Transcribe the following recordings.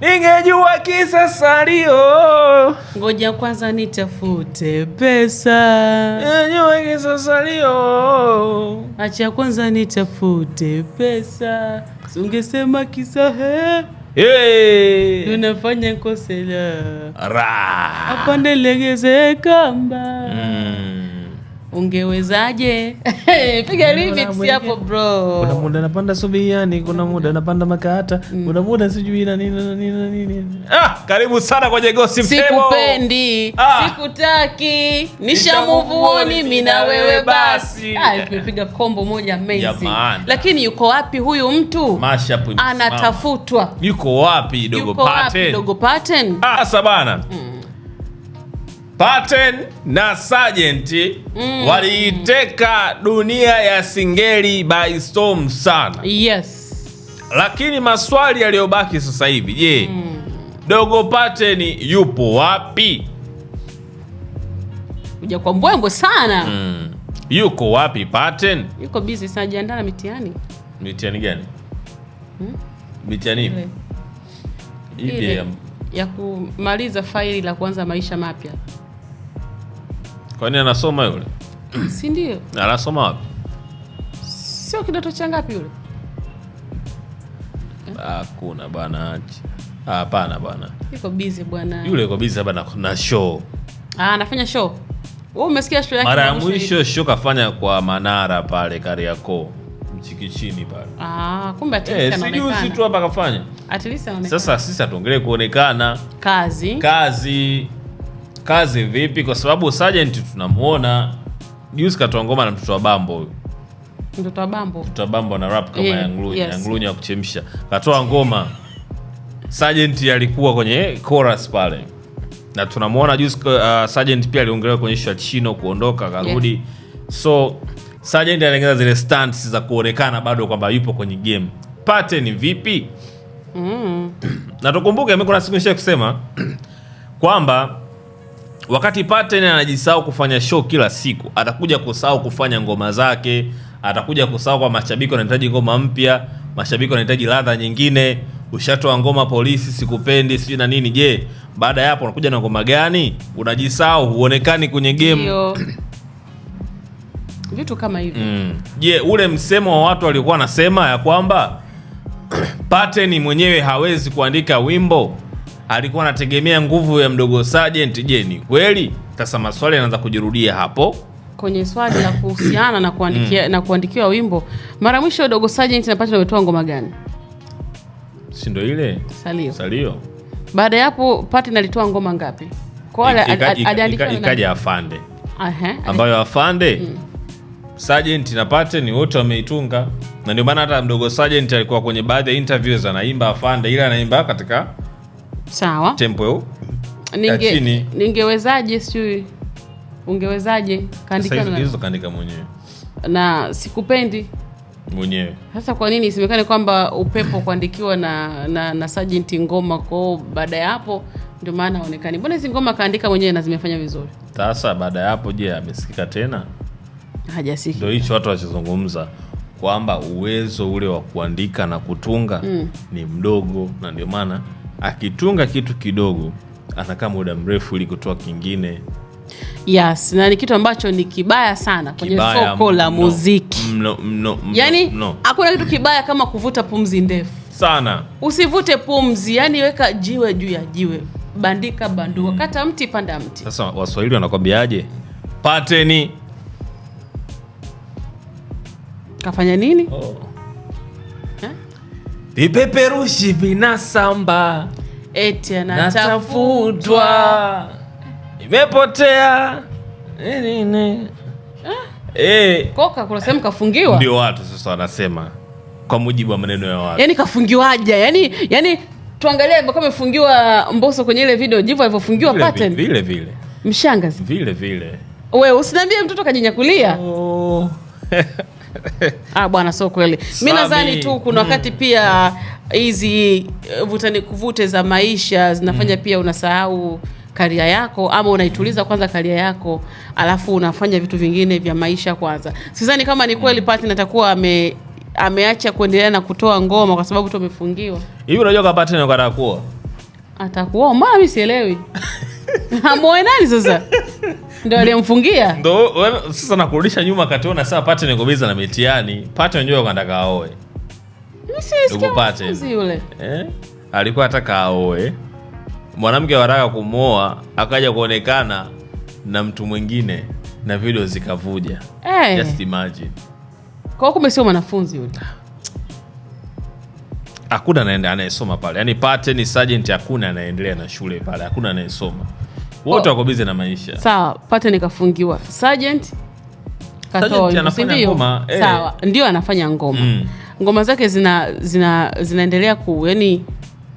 ningejua kisa salio. Ngoja kwanza nitafute pesa. Ningejua kisa salio. Acha kwanza nitafute pesa. Ungesema kisa he. Hey. Unafanya kosela. Ra. Apande legeze kamba. Mm ungewezaje? piga remix hapo bro. Kuna muda napanda subiani, kuna muda napanda makata, mm. kuna muda sijui na nini na nini na nini. Ah, karibu sana kwenye Gossip Table. Sikupendi, ah, sikutaki, nishamuvuoni mimi na wewe basi. Ah, tumepiga combo moja amazing. Lakini yuko wapi huyu mtu? Mashup anatafutwa. Yuko wapi Dogo Pattern? Dogo Pattern? Ah, sabana. Mm. Pateni na Sergeant mm. waliiteka dunia ya singeli by storm sana. Yes. Lakini maswali yaliyobaki sasa hivi, je, mm. Dogo Pateni yupo wapi? Uja kwa mbwengo sana mm. Yuko wapi Pateni? Yuko busy sana, jiandaa na mitihani. Mitihani gani? Hmm? Mitihani ipi? Ile ya kumaliza faili la kuanza maisha mapya kwa nini anasoma yule? Si ndio? Anasoma wapi? Sio kidato cha ngapi yule? Hakuna bwana. Hapana bwana. Yuko busy bwana. Yule yuko busy hapa na show. Ah, anafanya show. Wewe umesikia show yake? Mara ya mwisho show kafanya kwa Manara pale Kariakoo. Mchikichini pale. Ah, kumbe at least anaonekana. Eh, si tu hapa kafanya. At anaonekana. Sasa sisi hatuongelee kuonekana. Kazi. Kazi kazi vipi, kwa sababu Sergeant tunamuona juzi katoa ngoma na mtoto wa Bambo huyo mtoto wa Bambo mtoto wa Bambo na rap kama yeah, ya yes. ya ya kuchemsha katoa ngoma Sergeant alikuwa kwenye chorus pale na tunamuona juzi uh, Sergeant pia aliongelewa kwenye ishu Chino kuondoka akarudi yeah. so Sergeant anaongeza zile stunts za kuonekana bado kwamba yupo kwenye game pattern vipi mm. na tukumbuke mimi kuna siku nisha kusema kwamba Wakati Pateni anajisahau kufanya show kila siku, atakuja kusahau kufanya ngoma zake, atakuja kusahau kwa mashabiki wanahitaji ngoma mpya, mashabiki wanahitaji ladha nyingine. Ushatoa ngoma polisi, sikupendi, sijui na nini. Je, baada ya hapo unakuja na ngoma gani? Unajisahau, huonekani kwenye game vitu kama hivyo mm. Je, ule msemo wa watu waliokuwa wanasema ya kwamba Pateni mwenyewe hawezi kuandika wimbo alikuwa anategemea nguvu ya mdogo Sergeant Je, kweli? Sasa maswali yanaanza kujirudia hapo kwenye swali la kuhusiana na kuandikia mm. na kuandikiwa wimbo. Mara mwisho dogo Sergeant na ametoa ngoma gani? Si ndio ile salio, salio. Baada ya hapo Pacha alitoa ngoma ngapi? Kwa ikaja Afande ambayo Afande mm. Sergeant na ni wote wameitunga, na ndio maana hata mdogo Sergeant alikuwa kwenye baadhi ya interviews anaimba Afande, ila anaimba katika sawa, tempo ninge, ningewezaje? Sijui ungewezaje? Kaandika mwenyewe na sikupendi mwenyewe. Sasa kwa nini isemekane kwamba upepo kuandikiwa na, na, na Sajenti ngoma kwao? Baada ya hapo ndio maana aonekani, mbona hizi ngoma kaandika mwenyewe na zimefanya vizuri. Sasa baada ya hapo, je, amesikika tena? Hajasikika. Ndio hicho watu wachizungumza kwamba uwezo ule wa kuandika na kutunga mm. ni mdogo, na ndio maana akitunga kitu kidogo anakaa muda mrefu ili kutoa kingine. Yes, na ni kitu ambacho ni kibaya sana kwenye soko la muziki mno, mno, mno, yani mno. Hakuna kitu kibaya kama kuvuta pumzi ndefu sana. Usivute pumzi, yani weka jiwe juu ya jiwe, bandika bandua, kata mti panda mti. Sasa Waswahili wanakwambiaje? Pateni kafanya nini? oh vipeperushi vinasamba, eti anatafutwa, imepotea nini? Ah. Eh, koka kuna sehemu kafungiwa. Ndio watu sasa wanasema kwa mujibu wa maneno ya watu, yani kafungiwaje? Yani, yani tuangalie alivyokuwa amefungiwa Mbosso kwenye ile video, jivu alivyofungiwa pattern vile vile, mshangazi vile vile. Wewe usiniambie mtoto kajinyakulia. Oh. Ah, bwana sio kweli. mi nadhani tu kuna mm. wakati pia hizi eh, vutani kuvute za maisha zinafanya mm. pia unasahau karia yako ama unaituliza kwanza karia yako, alafu unafanya vitu vingine vya maisha kwanza. Sidhani kama ni kweli mm. partner atakuwa ame ameacha kuendelea na kutoa ngoma kwa sababu tu amefungiwa hivi. Unajua kama partner atakuwa atakuwa mimi sielewi. Amuoe nani sasa? ndo alimfungia ndo sasa nakurudisha nyuma, kationa saa Pate niko na mitiani Pate wenyewe ukataka aoe yule eh? alikuwa ataka aoe mwanamke wataka kumwoa, akaja kuonekana na mtu mwingine na video zikavuja. hey. Eh. Just imagine kwa kumbe sio mwanafunzi yule hakuna anaenda anayesoma pale, yaani Pate ni sergeant, hakuna anaendelea na shule pale, hakuna anayesoma wote wako busy na maisha. Sawa, pate nikafungiwa. Sergeant katoa, ndio eh. sawa, ndio anafanya ngoma mm. ngoma zake zina zina zinaendelea ku yani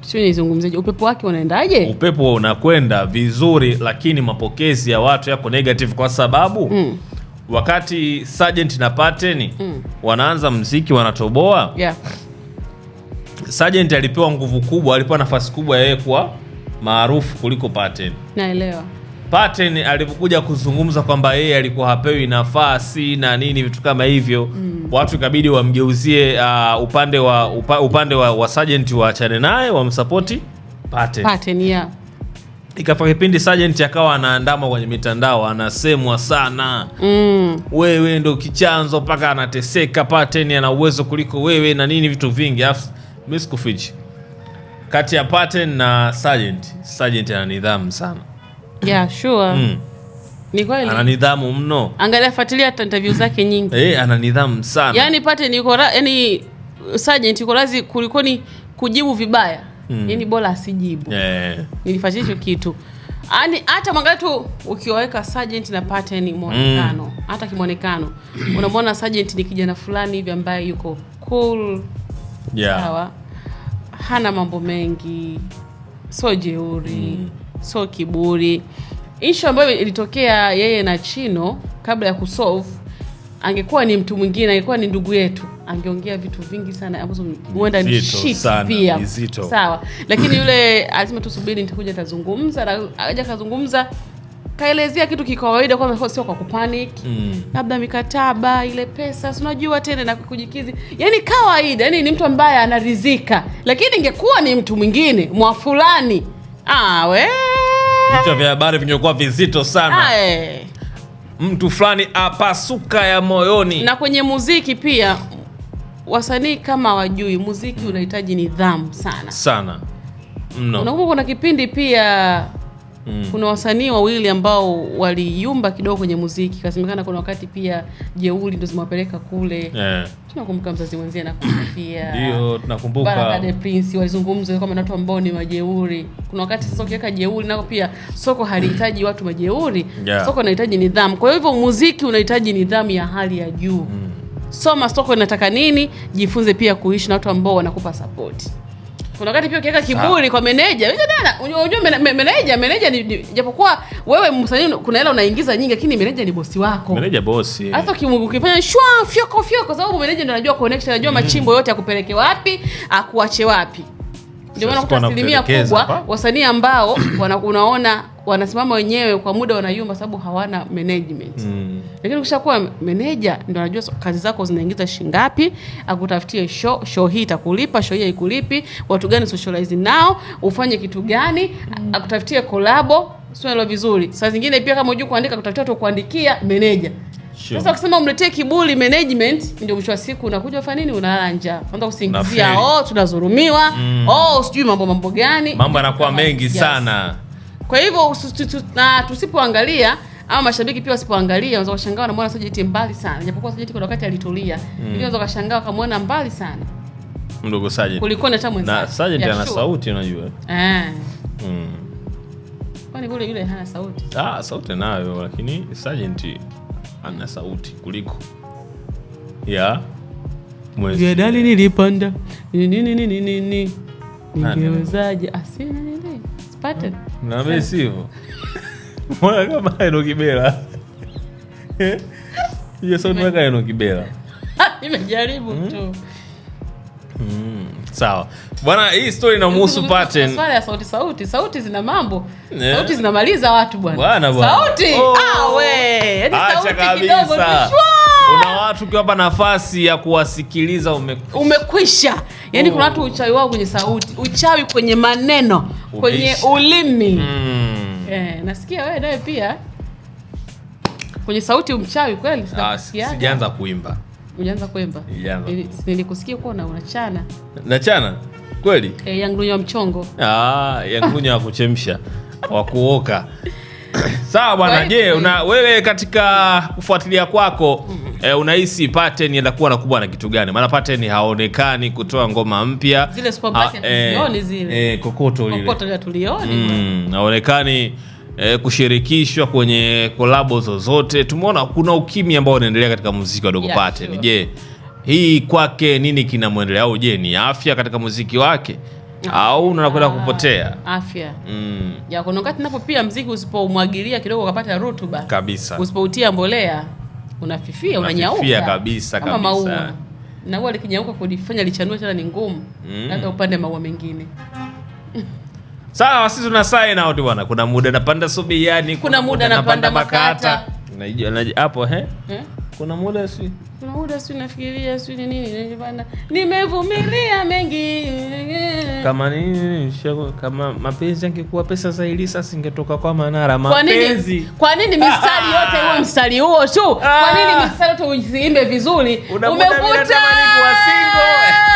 sio nizungumzeje, upepo wake unaendaje? Upepo unakwenda vizuri, lakini mapokezi ya watu yako negative kwa sababu mm. wakati Sergeant na Pateni mm. wanaanza mziki wanatoboa yeah. Sergeant alipewa nguvu kubwa, alipewa nafasi kubwa yeye kuwa maarufu kuliko Paten. Naelewa. Paten alipokuja kuzungumza kwamba yeye alikuwa hapewi nafasi na nini vitu kama hivyo mm. watu ikabidi wamgeuzie uh, upande wa upa, upande wa, wa Sajenti waachane naye wamsapoti Paten. Paten, yeah. Ikafa kipindi Sergeant akawa anaandama kwenye mitandao anasemwa sana mm. wewe ndo kichanzo mpaka anateseka, Paten ana uwezo kuliko wewe na nini vitu vingi, afu mimi sikufichi kati ya Paten na Sergeant. Sergeant ana nidhamu sana. Yeah, sure. Mm. Ni kweli. Ana nidhamu mno. Angalia, fuatilia hata interview zake nyingi. Eh, ana nidhamu sana. Yaani Paten yuko yaani Sergeant yuko lazi kulikoni kujibu vibaya. Mm. Yaani bora asijibu. Yeah. Nilifuatilia hicho kitu. Ani hata mwangalia tu ukiwaweka Sergeant na Paten muonekano, mm. hata kimwonekano. Unamwona Sergeant ni kijana fulani hivi ambaye yuko cool. Yeah. Sawa hana mambo mengi, sio jeuri mm. sio kiburi. Ishu ambayo ilitokea yeye na Chino kabla ya kusolve, angekuwa ni mtu mwingine, angekuwa ni ndugu yetu, angeongea vitu vingi sana ambazo huenda ni shit pia, sawa. Lakini yule alisema tusubiri, nitakuja tazungumza, na akaja kazungumza kaelezea kitu kikawaida kwamba sio kwa kupanic mm. labda mikataba ile pesa unajua tena na kujikizi, yani kawaida, yani ni mtu ambaye anarizika lakini ingekuwa ni mtu mwingine mwa fulani awe ah, vichwa vya habari vingekuwa vizito sana Ae. Ah, eh. mtu fulani apasuka ya moyoni. Na kwenye muziki pia wasanii kama wajui muziki unahitaji nidhamu sana sana mno. kuna kipindi pia mm. kuna wasanii wawili ambao waliyumba kidogo kwenye muziki, kasemekana kuna wakati pia jeuli ndo zimewapeleka kule yeah. Tunakumbuka mzazi mwenzie nakufia ndio tunakumbuka Baraka Prince walizungumza kama watu ambao ni majeuri. Kuna wakati sasa ukiweka jeuri nako pia soko halihitaji watu majeuri yeah. Soko linahitaji nidhamu, kwa hivyo muziki unahitaji nidhamu ya hali ya juu mm. Soma soko inataka nini, jifunze pia kuishi na watu ambao wanakupa sapoti. Kuna wakati pia ukiweka kiburi kwa meneja, unajua meneja, meneja ni japokuwa wewe msanii kuna hela unaingiza nyingi, lakini meneja ni bosi wako. Meneja bosi. Hata ukifanya shwa fyoko fyoko, kwa sababu meneja ndio anajua connection, anajua mm. machimbo yote akupeleke wapi, akuache wapi. Ndio maana kwa asilimia kubwa wasanii ambao unaona wanasimama wenyewe kwa muda wanayumba, sababu hawana management mm. Lakini ukishakuwa meneja ndio anajua kazi zako zinaingiza shingapi, akutafutie show, show hii itakulipa, show hii haikulipi, watu gani socialize nao, ufanye kitu gani mm. akutafutie kolabo, sio hilo vizuri. Saa zingine pia kama hujui kuandika, kutafutia tu kuandikia meneja sure. Sasa ukisema umletee kibuli management, ndio mwisho wa siku unakuja ufanya nini? Unalala njaa, unaanza kusingizia oh, tunazurumiwa mm. oh, sijui mambo mambo gani, mambo yanakuwa mengi yes. sana kwa hivyo na tusipoangalia au mashabiki pia wasipoangalia wanaweza kushangaa na muona Sajeti mbali sana. Japokuwa Sajeti kwa wakati alitulia, mm. Lakini wanaweza kushangaa kamaona mbali sana. Mdogo Sajeti. Kulikuwa na tamu sana. Na Sajeti ana sauti unajua. Eh. Mm. Kwani yule yule hana sauti? Ah, sauti nayo lakini Sajeti ana sauti kuliko ya mwezi. ya dali nilipanda. Ni ni ni ni ni. Ningewezaje? Asina ah, nini? Spartan. Naambia sivyo. Mbona kama Eno Kibela? Hiyo sauti kama Eno Kibela. Nimejaribu hmm? tu. Mm, sawa. Bwana hii story inamhusu Paten. Swala ya sauti sauti, sauti zina mambo. Yeah. Sauti zinamaliza watu bwana. Bwana bwana. Sauti. Oh. Ah we. Yaani sauti kidogo Una watu ukiwapa nafasi ya kuwasikiliza umekwisha, umekwisha. Yaani oh. Kuna watu uchawi wao kwenye sauti, uchawi kwenye maneno kwenye ulimi mm. nasikia wewe nawe pia kwenye sauti umchawi kweli. Ah, sijaanza kuimba. Ujaanza kuimba? Nilikusikia kuwa unachana nachana kweli. E, eh, yangunya mchongo, ah, yangunya wa kuchemsha wa kuoka Sawa bwana. Je, una mm. wewe katika kufuatilia kwako e, unahisi Pateni atakuwa nakubwa na kitu gani? Maana Pateni haonekani kutoa ngoma mpya e, kokoto lile mm, haonekani mm, e, kushirikishwa kwenye kolabo zozote. Tumeona kuna ukimya ambao unaendelea katika muziki wa Dogo sure. Je, hii kwake nini kinamwendelea, au je ni afya katika muziki wake? au unakwenda kupotea afya mm. ya kuna wakati napo pia mziki usipomwagilia kidogo ukapata rutuba kabisa, usipoutia mbolea unafifia, unanyauka kabisa kama maua, na huwa likinyauka kulifanya lichanua tena ni ngumu mm. hata upande maua mengine sawa. Sisi tuna sign out bwana, kuna muda napanda subiani, kuna, muda napanda, napanda makata hapo eh? eh? kuna muda si muda si nafikiria si ni nini bana, nimevumilia mengi kama nini kama mapenzi angekuwa pesa zaidi, sasa ingetoka kwa Manara. Mapenzi kwa nini mistari yote huo ah. mstari huo tu? Kwa ah. nini mistari yote usiimbe vizuri? umekuta ah.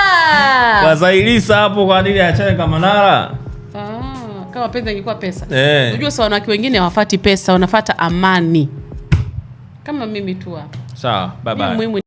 kwa Zailisa hapo, kwa nini achane kama Manara? Kama mapenzi angekuwa pesa, eh. unajua sa wanawake wengine hawafati pesa, wanafata amani, kama mimi tu hapa So, bye bye.